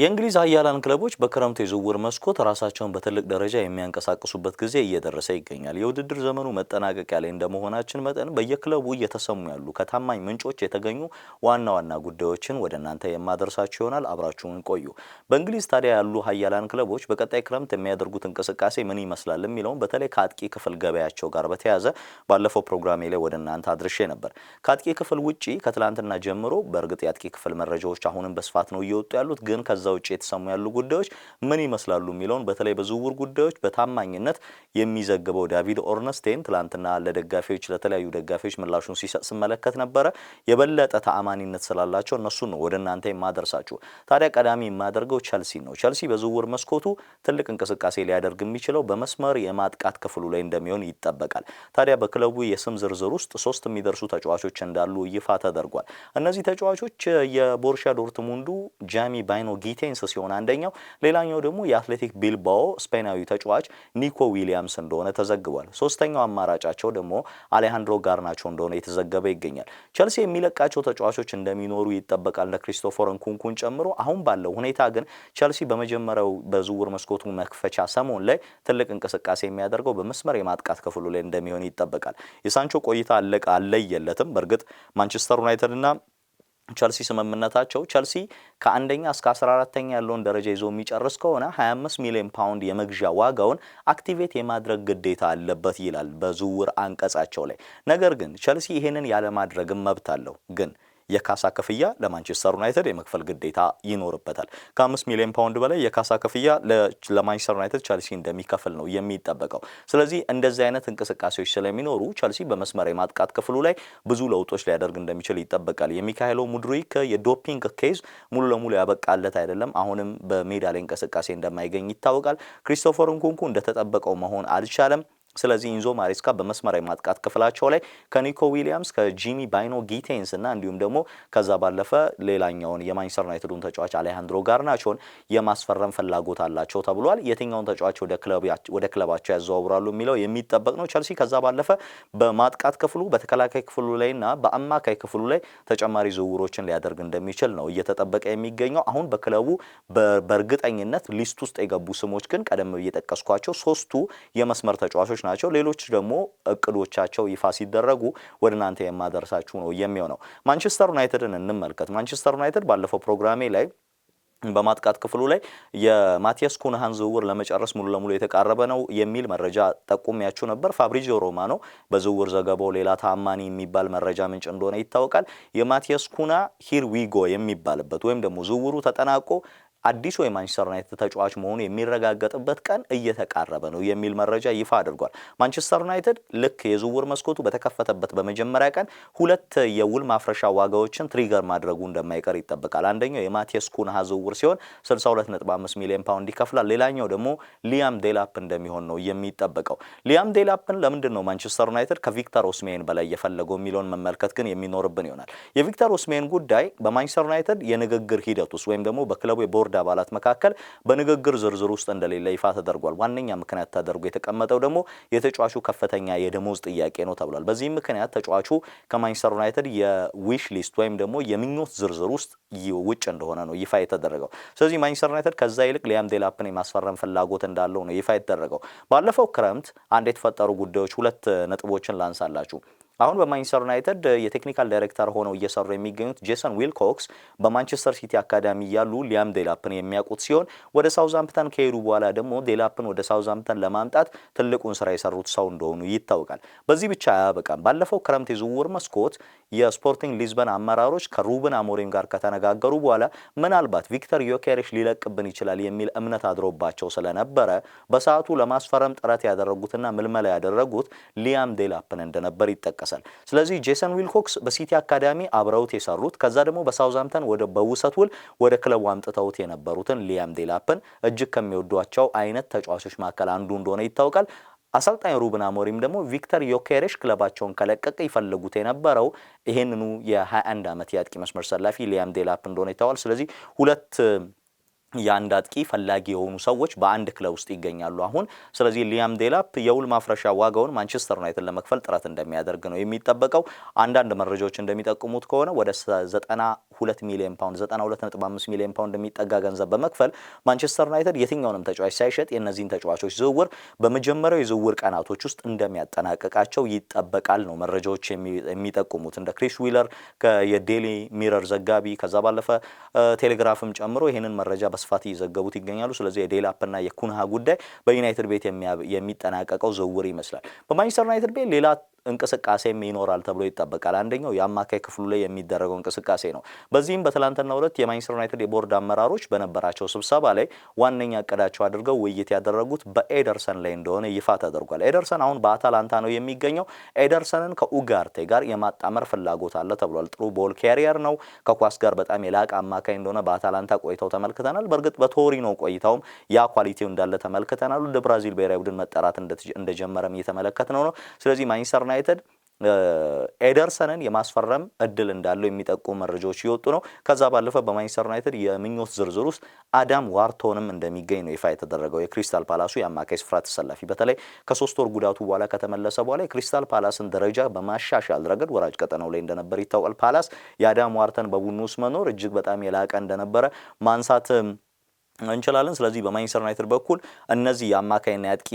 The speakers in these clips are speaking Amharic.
የእንግሊዝ አያላን ክለቦች በክረምቱ የዝውውር መስኮት ራሳቸውን በትልቅ ደረጃ የሚያንቀሳቅሱበት ጊዜ እየደረሰ ይገኛል። የውድድር ዘመኑ መጠናቀቂያ ላይ እንደመሆናችን መጠን በየክለቡ እየተሰሙ ያሉ ከታማኝ ምንጮች የተገኙ ዋና ዋና ጉዳዮችን ወደ እናንተ የማደርሳችሁ ይሆናል። አብራችሁን ቆዩ። በእንግሊዝ ታዲያ ያሉ አያላን ክለቦች በቀጣይ ክረምት የሚያደርጉት እንቅስቃሴ ምን ይመስላል የሚለውን በተለይ ከአጥቂ ክፍል ገበያቸው ጋር በተያያዘ ባለፈው ፕሮግራሜ ላይ ወደ እናንተ አድርሼ ነበር። ከአጥቂ ክፍል ውጪ ከትላንትና ጀምሮ በእርግጥ የአጥቂ ክፍል መረጃዎች አሁንም በስፋት ነው እየወጡ ያሉት ግን ከዛ ውጭ የተሰሙ ያሉ ጉዳዮች ምን ይመስላሉ የሚለውን በተለይ በዝውውር ጉዳዮች በታማኝነት የሚዘግበው ዳቪድ ኦርነስቴን ትላንትና ለደጋፊዎች ለተለያዩ ደጋፊዎች ምላሹን ሲሰጥ ስመለከት ነበረ። የበለጠ ተአማኒነት ስላላቸው እነሱን ነው ወደ እናንተ የማደርሳችሁ። ታዲያ ቀዳሚ የማያደርገው ቸልሲ ነው። ቸልሲ በዝውውር መስኮቱ ትልቅ እንቅስቃሴ ሊያደርግ የሚችለው በመስመር የማጥቃት ክፍሉ ላይ እንደሚሆን ይጠበቃል። ታዲያ በክለቡ የስም ዝርዝር ውስጥ ሶስት የሚደርሱ ተጫዋቾች እንዳሉ ይፋ ተደርጓል። እነዚህ ተጫዋቾች የቦርሻ ዶርትሙንዱ ጃሚ ባይኖጊ ጊቴንስ ሲሆን አንደኛው፣ ሌላኛው ደግሞ የአትሌቲክ ቢልባኦ ስፔናዊ ተጫዋች ኒኮ ዊሊያምስ እንደሆነ ተዘግቧል። ሶስተኛው አማራጫቸው ደግሞ አሌሃንድሮ ጋርናቾ እንደሆነ የተዘገበ ይገኛል። ቸልሲ የሚለቃቸው ተጫዋቾች እንደሚኖሩ ይጠበቃል፣ ለክሪስቶፈር ንኩንኩን ጨምሮ። አሁን ባለው ሁኔታ ግን ቸልሲ በመጀመሪያው በዝውውር መስኮቱ መክፈቻ ሰሞን ላይ ትልቅ እንቅስቃሴ የሚያደርገው በመስመር የማጥቃት ክፍሉ ላይ እንደሚሆን ይጠበቃል። የሳንቾ ቆይታ አለቀ አለየለትም። በእርግጥ ማንቸስተር ዩናይትድና ቸልሲ ስምምነታቸው ቸልሲ ከአንደኛ እስከ 14ተኛ ያለውን ደረጃ ይዞ የሚጨርስ ከሆነ 25 ሚሊዮን ፓውንድ የመግዣ ዋጋውን አክቲቬት የማድረግ ግዴታ አለበት ይላል በዝውውር አንቀጻቸው ላይ። ነገር ግን ቸልሲ ይህንን ያለማድረግም መብት አለው ግን የካሳ ክፍያ ለማንቸስተር ዩናይትድ የመክፈል ግዴታ ይኖርበታል። ከአምስት ሚሊዮን ፓውንድ በላይ የካሳ ክፍያ ለማንቸስተር ዩናይትድ ቸልሲ እንደሚከፍል ነው የሚጠበቀው። ስለዚህ እንደዚህ አይነት እንቅስቃሴዎች ስለሚኖሩ ቸልሲ በመስመር የማጥቃት ክፍሉ ላይ ብዙ ለውጦች ሊያደርግ እንደሚችል ይጠበቃል። የሚካኤሎ ሙድሪክ የዶፒንግ ኬዝ ሙሉ ለሙሉ ያበቃለት አይደለም። አሁንም በሜዳ ላይ እንቅስቃሴ እንደማይገኝ ይታወቃል። ክሪስቶፈር ንኩንኩ እንደተጠበቀው መሆን አልቻለም። ስለዚህ ኢንዞ ማሬስካ በመስመራዊ ማጥቃት ክፍላቸው ላይ ከኒኮ ዊሊያምስ ከጂሚ ባይኖ ጊቴንስ እና እንዲሁም ደግሞ ከዛ ባለፈ ሌላኛውን የማንቸስተር ዩናይትዱን ተጫዋች አሌሃንድሮ ጋርናቾን የማስፈረም ፍላጎት አላቸው ተብሏል። የትኛውን ተጫዋች ወደ ክለባቸው ያዘዋውራሉ የሚለው የሚጠበቅ ነው። ቸልሲ ከዛ ባለፈ በማጥቃት ክፍሉ በተከላካይ ክፍሉ ላይና በአማካይ ክፍሉ ላይ ተጨማሪ ዝውውሮችን ሊያደርግ እንደሚችል ነው እየተጠበቀ የሚገኘው። አሁን በክለቡ በእርግጠኝነት ሊስት ውስጥ የገቡ ስሞች ግን ቀደም ብዬ የጠቀስኳቸው ሶስቱ የመስመር ተጫዋቾች ነገሮች ናቸው። ሌሎች ደግሞ እቅዶቻቸው ይፋ ሲደረጉ ወደ እናንተ የማደርሳችሁ ነው የሚሆነው። ማንቸስተር ዩናይትድን እንመልከት። ማንቸስተር ዩናይትድ ባለፈው ፕሮግራሜ ላይ በማጥቃት ክፍሉ ላይ የማቲያስ ኩንሃን ዝውውር ለመጨረስ ሙሉ ለሙሉ የተቃረበ ነው የሚል መረጃ ጠቁሚያችሁ ነበር። ፋብሪዚዮ ሮማኖ በዝውውር ዘገባው ሌላ ታማኒ የሚባል መረጃ ምንጭ እንደሆነ ይታወቃል። የማቲያስ ኩና ሂር ዊጎ የሚባልበት ወይም ደግሞ ዝውውሩ ተጠናቆ አዲሱ የማንቸስተር ዩናይትድ ተጫዋች መሆኑ የሚረጋገጥበት ቀን እየተቃረበ ነው የሚል መረጃ ይፋ አድርጓል። ማንቸስተር ዩናይትድ ልክ የዝውውር መስኮቱ በተከፈተበት በመጀመሪያ ቀን ሁለት የውል ማፍረሻ ዋጋዎችን ትሪገር ማድረጉ እንደማይቀር ይጠበቃል። አንደኛው የማቴስ ኩንሃ ዝውውር ሲሆን 625 ሚሊዮን ፓውንድ ይከፍላል። ሌላኛው ደግሞ ሊያም ዴላፕ እንደሚሆን ነው የሚጠበቀው። ሊያም ዴላፕን ለምንድን ነው ማንቸስተር ዩናይትድ ከቪክተር ኦስሜን በላይ የፈለገው የሚለውን መመልከት ግን የሚኖርብን ይሆናል። የቪክተር ኦስሜን ጉዳይ በማንቸስተር ዩናይትድ የንግግር ሂደት ውስጥ ወይም ደግሞ በክለቡ ቦርድ አባላት መካከል በንግግር ዝርዝር ውስጥ እንደሌለ ይፋ ተደርጓል። ዋነኛ ምክንያት ተደርጎ የተቀመጠው ደግሞ የተጫዋቹ ከፍተኛ የደሞዝ ጥያቄ ነው ተብሏል። በዚህም ምክንያት ተጫዋቹ ከማንቸስተር ዩናይትድ የዊሽ ሊስት ወይም ደግሞ የምኞት ዝርዝር ውስጥ ውጭ እንደሆነ ነው ይፋ የተደረገው። ስለዚህ ማንቸስተር ዩናይትድ ከዛ ይልቅ ሊያም ዴላፕን የማስፈረም ፍላጎት እንዳለው ነው ይፋ የተደረገው። ባለፈው ክረምት አንድ የተፈጠሩ ጉዳዮች ሁለት ነጥቦችን ላንሳላችሁ። አሁን በማንቸስተር ዩናይትድ የቴክኒካል ዳይሬክተር ሆነው እየሰሩ የሚገኙት ጄሰን ዊልኮክስ በማንቸስተር ሲቲ አካዳሚ ያሉ ሊያም ዴላፕን የሚያውቁት ሲሆን ወደ ሳውዛምፕተን ከሄዱ በኋላ ደግሞ ዴላፕን ወደ ሳውዛምፕተን ለማምጣት ትልቁን ስራ የሰሩት ሰው እንደሆኑ ይታወቃል። በዚህ ብቻ አያበቃም። ባለፈው ክረምት የዝውውር መስኮት የስፖርቲንግ ሊዝበን አመራሮች ከሩብን አሞሪም ጋር ከተነጋገሩ በኋላ ምናልባት ቪክተር ዮኬሬሽ ሊለቅብን ይችላል የሚል እምነት አድሮባቸው ስለነበረ በሰዓቱ ለማስፈረም ጥረት ያደረጉትና ምልመላ ያደረጉት ሊያም ዴላፕን እንደነበር ይጠቀሳል። ይጠቀሳል። ስለዚህ ጄሰን ዊልኮክስ በሲቲ አካዳሚ አብረውት የሰሩት ከዛ ደግሞ በሳውዛምተን ወደ በውሰት ውል ወደ ክለቡ አምጥተውት የነበሩትን ሊያም ዴላፕን እጅግ ከሚወዷቸው አይነት ተጫዋቾች መካከል አንዱ እንደሆነ ይታወቃል። አሰልጣኝ ሩብን አሞሪም ደግሞ ቪክተር ዮኬሬሽ ክለባቸውን ከለቀቀ ይፈልጉት የነበረው ይህንኑ የ21 ዓመት የአጥቂ መስመር ሰላፊ ሊያም ዴላፕ እንደሆነ ይታወቃል። ስለዚህ ሁለት የአንድ አጥቂ ፈላጊ የሆኑ ሰዎች በአንድ ክለብ ውስጥ ይገኛሉ አሁን። ስለዚህ ሊያም ዴላፕ የውል ማፍረሻ ዋጋውን ማንቸስተር ዩናይትድ ለመክፈል ጥረት እንደሚያደርግ ነው የሚጠበቀው። አንዳንድ መረጃዎች እንደሚጠቁሙት ከሆነ ወደ ዘጠና 2 ሚሊዮን ፓውንድ 92.5 ሚሊዮን ፓውንድ የሚጠጋ ገንዘብ በመክፈል ማንቸስተር ዩናይትድ የትኛውንም ተጫዋች ሳይሸጥ የእነዚህን ተጫዋቾች ዝውውር በመጀመሪያው የዝውውር ቀናቶች ውስጥ እንደሚያጠናቀቃቸው ይጠበቃል ነው መረጃዎች የሚጠቁሙት። እንደ ክሪስ ዊለር የዴሊ ሚረር ዘጋቢ ከዛ ባለፈ ቴሌግራፍም ጨምሮ ይህንን መረጃ በስፋት እየዘገቡት ይገኛሉ። ስለዚህ የዴላፕና የኩንሃ ጉዳይ በዩናይትድ ቤት የሚጠናቀቀው ዝውውር ይመስላል። በማንቸስተር ዩናይትድ ቤት ሌላ እንቅስቃሴም ይኖራል ተብሎ ይጠበቃል። አንደኛው የአማካይ ክፍሉ ላይ የሚደረገው እንቅስቃሴ ነው። በዚህም በትላንትናው ዕለት የማንቸስተር ዩናይትድ የቦርድ አመራሮች በነበራቸው ስብሰባ ላይ ዋነኛ እቅዳቸው አድርገው ውይይት ያደረጉት በኤደርሰን ላይ እንደሆነ ይፋ ተደርጓል። ኤደርሰን አሁን በአታላንታ ነው የሚገኘው። ኤደርሰንን ከኡጋርቴ ጋር የማጣመር ፍላጎት አለ ተብሏል። ጥሩ ቦል ካሪየር ነው። ከኳስ ጋር በጣም የላቀ አማካይ እንደሆነ በአታላንታ ቆይተው ተመልክተናል። በእርግጥ በቶሪኖ ቆይታውም ያ ኳሊቲው እንዳለ ተመልክተናል። ወደ ብራዚል ብሔራዊ ቡድን መጠራት እንደጀመረም እየተመለከት ነው ነው ስለዚህ ማንቸስተር ዩናይትድ ኤደርሰንን የማስፈረም እድል እንዳለው የሚጠቁ መረጃዎች እየወጡ ነው። ከዛ ባለፈ በማንቸስተር ዩናይትድ የምኞት ዝርዝር ውስጥ አዳም ዋርቶንም እንደሚገኝ ነው ይፋ የተደረገው። የክሪስታል ፓላሱ የአማካይ ስፍራ ተሰላፊ በተለይ ከሶስት ወር ጉዳቱ በኋላ ከተመለሰ በኋላ የክሪስታል ፓላስን ደረጃ በማሻሻል ረገድ ወራጅ ቀጠናው ላይ እንደነበር ይታወቃል። ፓላስ የአዳም ዋርተን በቡድኑ ውስጥ መኖር እጅግ በጣም የላቀ እንደነበረ ማንሳት እንችላለን። ስለዚህ በማንቸስተር ዩናይትድ በኩል እነዚህ የአማካይና የአጥቂ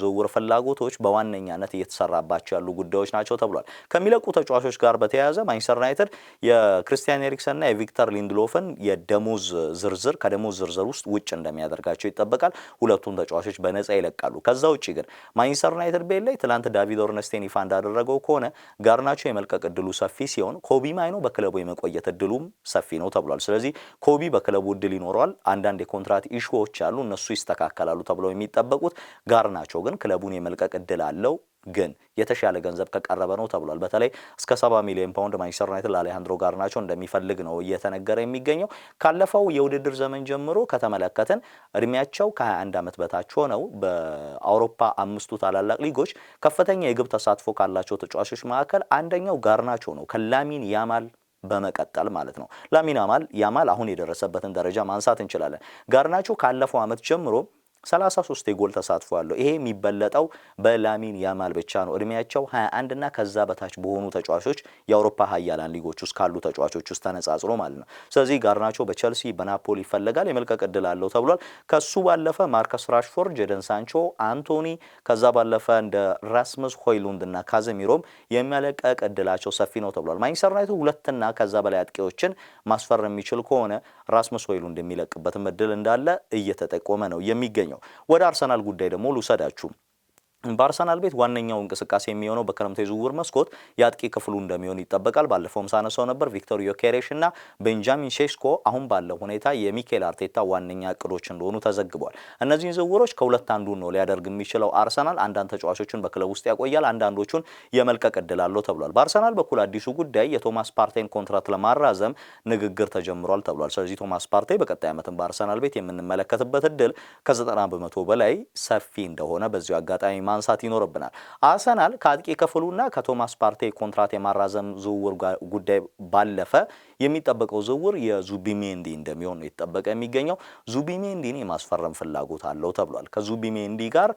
ዝውውር ፍላጎቶች በዋነኛነት እየተሰራባቸው ያሉ ጉዳዮች ናቸው ተብሏል። ከሚለቁ ተጫዋቾች ጋር በተያያዘ ማንችስተር ዩናይትድ የክርስቲያን ኤሪክሰንና የቪክተር ሊንድሎፍን የደሞዝ ዝርዝር ከደሞዝ ዝርዝር ውስጥ ውጭ እንደሚያደርጋቸው ይጠበቃል። ሁለቱም ተጫዋቾች በነጻ ይለቃሉ። ከዛ ውጭ ግን ማንቸስተር ዩናይትድ ቤል ላይ ትላንት ዳቪድ ኦርነስቴን ይፋ እንዳደረገው ከሆነ ጋርናቸው የመልቀቅ እድሉ ሰፊ ሲሆን፣ ኮቢ ማይኖ በክለቡ የመቆየት እድሉም ሰፊ ነው ተብሏል። ስለዚህ ኮቢ በክለቡ እድል ይኖረዋል አንዳንድ የኮንትራት ኢሹዎች አሉ። እነሱ ይስተካከላሉ ተብለው የሚጠበቁት ጋር ናቸው። ግን ክለቡን የመልቀቅ እድል አለው ግን የተሻለ ገንዘብ ከቀረበ ነው ተብሏል። በተለይ እስከ 70 ሚሊዮን ፓውንድ ማንቸስተር ዩናይትድ ለአሌሃንድሮ ጋርናቾ እንደሚፈልግ ነው እየተነገረ የሚገኘው። ካለፈው የውድድር ዘመን ጀምሮ ከተመለከትን እድሜያቸው ከ21 ዓመት በታች ሆነው በአውሮፓ አምስቱ ታላላቅ ሊጎች ከፍተኛ የግብ ተሳትፎ ካላቸው ተጫዋቾች መካከል አንደኛው ጋርናቾ ነው ከላሚን ያማል በመቀጠል ማለት ነው። ላሚን ያማል ያማል አሁን የደረሰበትን ደረጃ ማንሳት እንችላለን። ጋርናቾ ካለፈው ዓመት ጀምሮ 33 የጎል ተሳትፎ አለው። ይሄ የሚበለጠው በላሚን ያማል ብቻ ነው። እድሜያቸው 21 እና ከዛ በታች በሆኑ ተጫዋቾች የአውሮፓ ሀያላን ሊጎች ውስጥ ካሉ ተጫዋቾች ውስጥ ተነጻጽሮ ማለት ነው። ስለዚህ ጋርናቾ በቸልሲ በናፖሊ ይፈለጋል፣ የመልቀቅ እድል አለው ተብሏል። ከሱ ባለፈ ማርከስ ራሽፎርድ፣ ጀደን ሳንቾ፣ አንቶኒ ከዛ ባለፈ እንደ ራስመስ ሆይሉንድ እና ካዘሚሮም የመለቀቅ እድላቸው ሰፊ ነው ተብሏል። ማንችስተር ዩናይትድ ሁለትና ከዛ በላይ አጥቂዎችን ማስፈር የሚችል ከሆነ ራስመስ ሆይሉንድ የሚለቅበትም እድል እንዳለ እየተጠቆመ ነው የሚገኝ ወደ አርሰናል ጉዳይ ደግሞ ልውሰዳችሁ። በአርሰናል ቤት ዋነኛው እንቅስቃሴ የሚሆነው በክረምቱ የዝውውር መስኮት የአጥቂ ክፍሉ እንደሚሆን ይጠበቃል። ባለፈውም ሳነሳው ነበር ቪክቶር ዮኬሬሽ እና ቤንጃሚን ሼሽኮ አሁን ባለው ሁኔታ የሚኬል አርቴታ ዋነኛ እቅዶች እንደሆኑ ተዘግቧል። እነዚህን ዝውውሮች ከሁለት አንዱን ነው ሊያደርግ የሚችለው አርሰናል። አንዳንድ ተጫዋቾችን በክለብ ውስጥ ያቆያል፣ አንዳንዶቹን የመልቀቅ እድል አለው ተብሏል። በአርሰናል በኩል አዲሱ ጉዳይ የቶማስ ፓርቴን ኮንትራት ለማራዘም ንግግር ተጀምሯል ተብሏል። ስለዚህ ቶማስ ፓርቴ በቀጣይ ዓመትም በአርሰናል ቤት የምንመለከትበት እድል ከዘጠና በመቶ በላይ ሰፊ እንደሆነ በዚሁ አጋጣሚ ማንሳት ይኖርብናል። አርሰናል ከአጥቂ ክፍሉና ከቶማስ ፓርቴ ኮንትራት የማራዘም ዝውውር ጉዳይ ባለፈ የሚጠበቀው ዝውውር የዙቢሜንዲ እንደሚሆን ነው የተጠበቀ የሚገኘው። ዙቢሜንዲን የማስፈረም ፍላጎት አለው ተብሏል። ከዙቢሜንዲ ጋር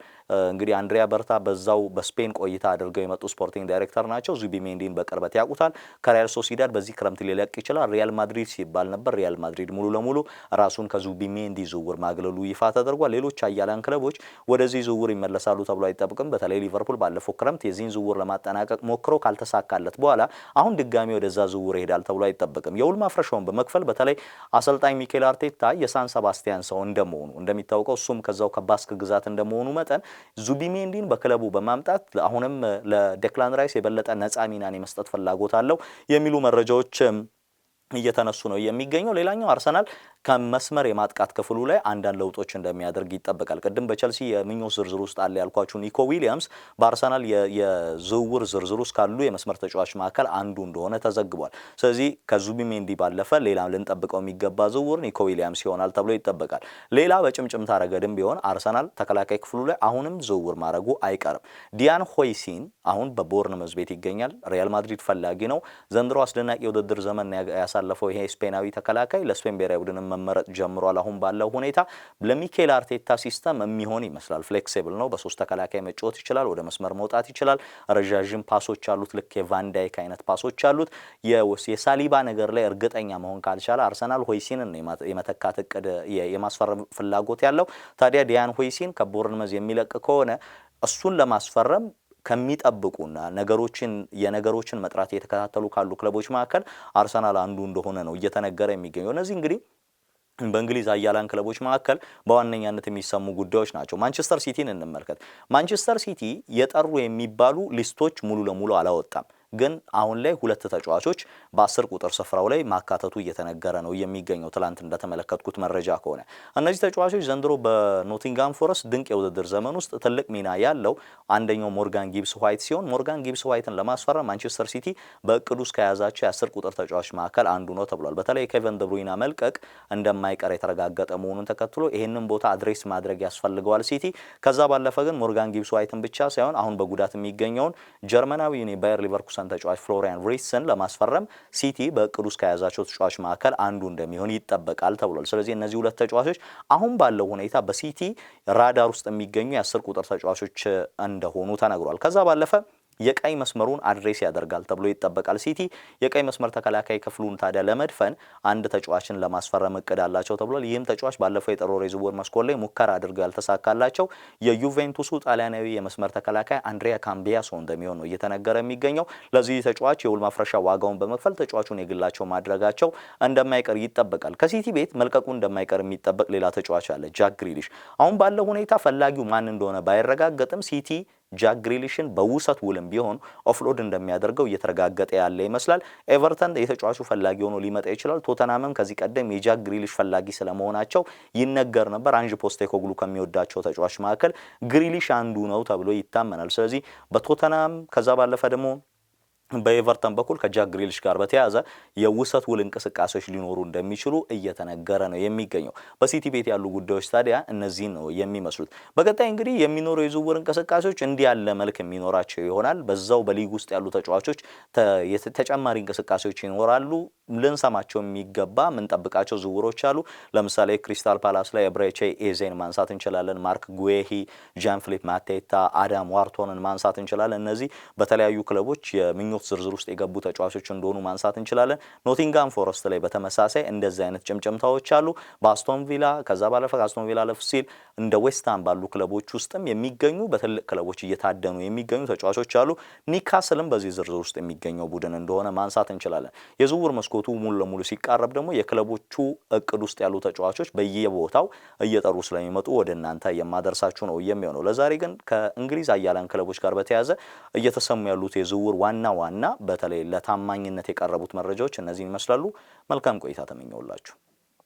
እንግዲህ አንድሪያ በርታ በዛው በስፔን ቆይታ አድርገው የመጡ ስፖርቲንግ ዳይሬክተር ናቸው። ዙቢሜንዲን በቅርበት ያውቁታል። ከሪያል ሶሲዳድ በዚህ ክረምት ሊለቅ ይችላል። ሪያል ማድሪድ ሲባል ነበር። ሪያል ማድሪድ ሙሉ ለሙሉ ራሱን ከዙቢሜንዲ ዝውውር ማግለሉ ይፋ ተደርጓል። ሌሎች አያሌ ክለቦች ወደዚህ ዝውውር ይመለሳሉ ተብሎ ቢጠብቅም በተለይ ሊቨርፑል ባለፈው ክረምት የዚህን ዝውውር ለማጠናቀቅ ሞክሮ ካልተሳካለት በኋላ አሁን ድጋሚ ወደዛ ዝውውር ይሄዳል ተብሎ አይጠበቅም። የውል ማፍረሻውን በመክፈል በተለይ አሰልጣኝ ሚኬል አርቴታ የሳን ሰባስቲያን ሰው እንደመሆኑ እንደሚታወቀው እሱም ከዛው ከባስክ ግዛት እንደመሆኑ መጠን ዙቢሜንዲን በክለቡ በማምጣት አሁንም ለዴክላን ራይስ የበለጠ ነፃ ሚናን የመስጠት ፍላጎት አለው የሚሉ መረጃዎች እየተነሱ ነው የሚገኘው። ሌላኛው አርሰናል ከመስመር የማጥቃት ክፍሉ ላይ አንዳንድ ለውጦች እንደሚያደርግ ይጠበቃል። ቅድም በቸልሲ የምኞት ዝርዝር ውስጥ አለ ያልኳችሁ ኒኮ ዊሊያምስ በአርሰናል የዝውውር ዝርዝር ውስጥ ካሉ የመስመር ተጫዋች መካከል አንዱ እንደሆነ ተዘግቧል። ስለዚህ ከዙቢሜንዲ ባለፈ ሌላ ልንጠብቀው የሚገባ ዝውውር ኒኮ ዊሊያምስ ይሆናል ተብሎ ይጠበቃል። ሌላ በጭምጭምታ ረገድም ቢሆን አርሰናል ተከላካይ ክፍሉ ላይ አሁንም ዝውውር ማድረጉ አይቀርም። ዲያን ሆይሲን አሁን በቦርንመዝ ቤት ይገኛል። ሪያል ማድሪድ ፈላጊ ነው። ዘንድሮ አስደናቂ የውድድር ዘመን ያሳለፈው ይሄ ስፔናዊ ተከላካይ ለስፔን ብሔራዊ ቡድን መመረጥ ጀምሯል። አሁን ባለው ሁኔታ ለሚኬል አርቴታ ሲስተም የሚሆን ይመስላል። ፍሌክሲብል ነው። በሶስት ተከላካይ መጫወት ይችላል። ወደ መስመር መውጣት ይችላል። ረዣዥም ፓሶች አሉት። ልክ የቫንዳይክ አይነት ፓሶች አሉት። የሳሊባ ነገር ላይ እርግጠኛ መሆን ካልቻለ አርሰናል ሆይሲንን የመተካት እቅድ የማስፈረም ፍላጎት ያለው ታዲያ ዲያን ሆይሲን ከቦርንመዝ የሚለቅ ከሆነ እሱን ለማስፈረም ከሚጠብቁና ነገሮችን የነገሮችን መጥራት እየተከታተሉ ካሉ ክለቦች መካከል አርሰናል አንዱ እንደሆነ ነው እየተነገረ የሚገኘው። እነዚህ እንግዲህ በእንግሊዝ አያላን ክለቦች መካከል በዋነኛነት የሚሰሙ ጉዳዮች ናቸው። ማንቸስተር ሲቲን እንመልከት። ማንቸስተር ሲቲ የጠሩ የሚባሉ ሊስቶች ሙሉ ለሙሉ አላወጣም። ግን አሁን ላይ ሁለት ተጫዋቾች በአስር ቁጥር ስፍራው ላይ ማካተቱ እየተነገረ ነው የሚገኘው። ትላንት እንደተመለከትኩት መረጃ ከሆነ እነዚህ ተጫዋቾች ዘንድሮ በኖቲንጋም ፎረስት ድንቅ የውድድር ዘመን ውስጥ ትልቅ ሚና ያለው አንደኛው ሞርጋን ጊብስ ዋይት ሲሆን ሞርጋን ጊብስ ዋይትን ለማስፈረም ማንቸስተር ሲቲ በእቅዱ ውስጥ ከያዛቸው የአስር ቁጥር ተጫዋች መካከል አንዱ ነው ተብሏል። በተለይ ኬቨን ደብሩይና መልቀቅ እንደማይቀር የተረጋገጠ መሆኑን ተከትሎ ይህንን ቦታ አድሬስ ማድረግ ያስፈልገዋል ሲቲ። ከዛ ባለፈ ግን ሞርጋን ጊብስ ዋይትን ብቻ ሳይሆን አሁን በጉዳት የሚገኘውን ጀርመናዊ ባየር ሊቨርኩሰን የጣሊያን ተጫዋች ፍሎሪያን ቪርትስን ለማስፈረም ሲቲ በእቅዱ ውስጥ ከያዛቸው ተጫዋች መካከል አንዱ እንደሚሆን ይጠበቃል ተብሏል። ስለዚህ እነዚህ ሁለት ተጫዋቾች አሁን ባለው ሁኔታ በሲቲ ራዳር ውስጥ የሚገኙ የአስር ቁጥር ተጫዋቾች እንደሆኑ ተነግሯል። ከዛ ባለፈ የቀይ መስመሩን አድሬስ ያደርጋል ተብሎ ይጠበቃል። ሲቲ የቀይ መስመር ተከላካይ ክፍሉን ታዲያ ለመድፈን አንድ ተጫዋችን ለማስፈረም እቅድ አላቸው ተብሏል። ይህም ተጫዋች ባለፈው የጠሮር የዝውውር መስኮት ላይ ሙከራ አድርገው ያልተሳካላቸው የዩቬንቱሱ ጣሊያናዊ የመስመር ተከላካይ አንድሪያ ካምቢያሶ እንደሚሆን ነው እየተነገረ የሚገኘው። ለዚህ ተጫዋች የውል ማፍረሻ ዋጋውን በመክፈል ተጫዋቹን የግላቸው ማድረጋቸው እንደማይቀር ይጠበቃል። ከሲቲ ቤት መልቀቁ እንደማይቀር የሚጠበቅ ሌላ ተጫዋች አለ፣ ጃክ ግሪሊሽ። አሁን ባለው ሁኔታ ፈላጊው ማን እንደሆነ ባይረጋገጥም ሲቲ ጃክ ግሪሊሽን በውሰት ውልም ቢሆን ኦፍሎድ እንደሚያደርገው እየተረጋገጠ ያለ ይመስላል። ኤቨርተን የተጫዋቹ ፈላጊ ሆኖ ሊመጣ ይችላል። ቶተናምም ከዚህ ቀደም የጃክ ግሪሊሽ ፈላጊ ስለመሆናቸው ይነገር ነበር። አንጅ ፖስቴኮግሉ ከሚወዳቸው ተጫዋች መካከል ግሪሊሽ አንዱ ነው ተብሎ ይታመናል። ስለዚህ በቶተናም ከዛ ባለፈ ደግሞ በኤቨርተን በኩል ከጃክ ግሪልሽ ጋር በተያያዘ የውሰት ውል እንቅስቃሴዎች ሊኖሩ እንደሚችሉ እየተነገረ ነው የሚገኘው። በሲቲ ቤት ያሉ ጉዳዮች ታዲያ እነዚህ ነው የሚመስሉት። በቀጣይ እንግዲህ የሚኖሩ የዝውውር እንቅስቃሴዎች እንዲህ ያለ መልክ የሚኖራቸው ይሆናል። በዛው በሊግ ውስጥ ያሉ ተጫዋቾች ተጨማሪ እንቅስቃሴዎች ይኖራሉ። ልንሰማቸው የሚገባ የምንጠብቃቸው ዝውውሮች አሉ። ለምሳሌ ክሪስታል ፓላስ ላይ የብሬቼ ኤዜን ማንሳት እንችላለን። ማርክ ጉዌሂ፣ ጃን ፊሊፕ ማቴታ፣ አዳም ዋርቶንን ማንሳት እንችላለን። እነዚህ በተለያዩ ክለቦች የሚኖ በአምልኮት ዝርዝር ውስጥ የገቡ ተጫዋቾች እንደሆኑ ማንሳት እንችላለን። ኖቲንጋም ፎረስት ላይ በተመሳሳይ እንደዚህ አይነት ጭምጭምታዎች አሉ። በአስቶን ቪላ ከዛ ባለፈ ከአስቶን ቪላ አለፍ ሲል እንደ ዌስትሃም ባሉ ክለቦች ውስጥም የሚገኙ በትልቅ ክለቦች እየታደኑ የሚገኙ ተጫዋቾች አሉ። ኒካስልም በዚህ ዝርዝር ውስጥ የሚገኘው ቡድን እንደሆነ ማንሳት እንችላለን። የዝውውር መስኮቱ ሙሉ ለሙሉ ሲቃረብ ደግሞ የክለቦቹ እቅድ ውስጥ ያሉ ተጫዋቾች በየቦታው እየጠሩ ስለሚመጡ ወደ እናንተ የማደርሳችሁ ነው የሚሆነው። ለዛሬ ግን ከእንግሊዝ አያላን ክለቦች ጋር በተያያዘ እየተሰሙ ያሉት የዝውውር ዋና ዋና ዋና በተለይ ለታማኝነት የቀረቡት መረጃዎች እነዚህን ይመስላሉ። መልካም ቆይታ ተመኘውላችሁ።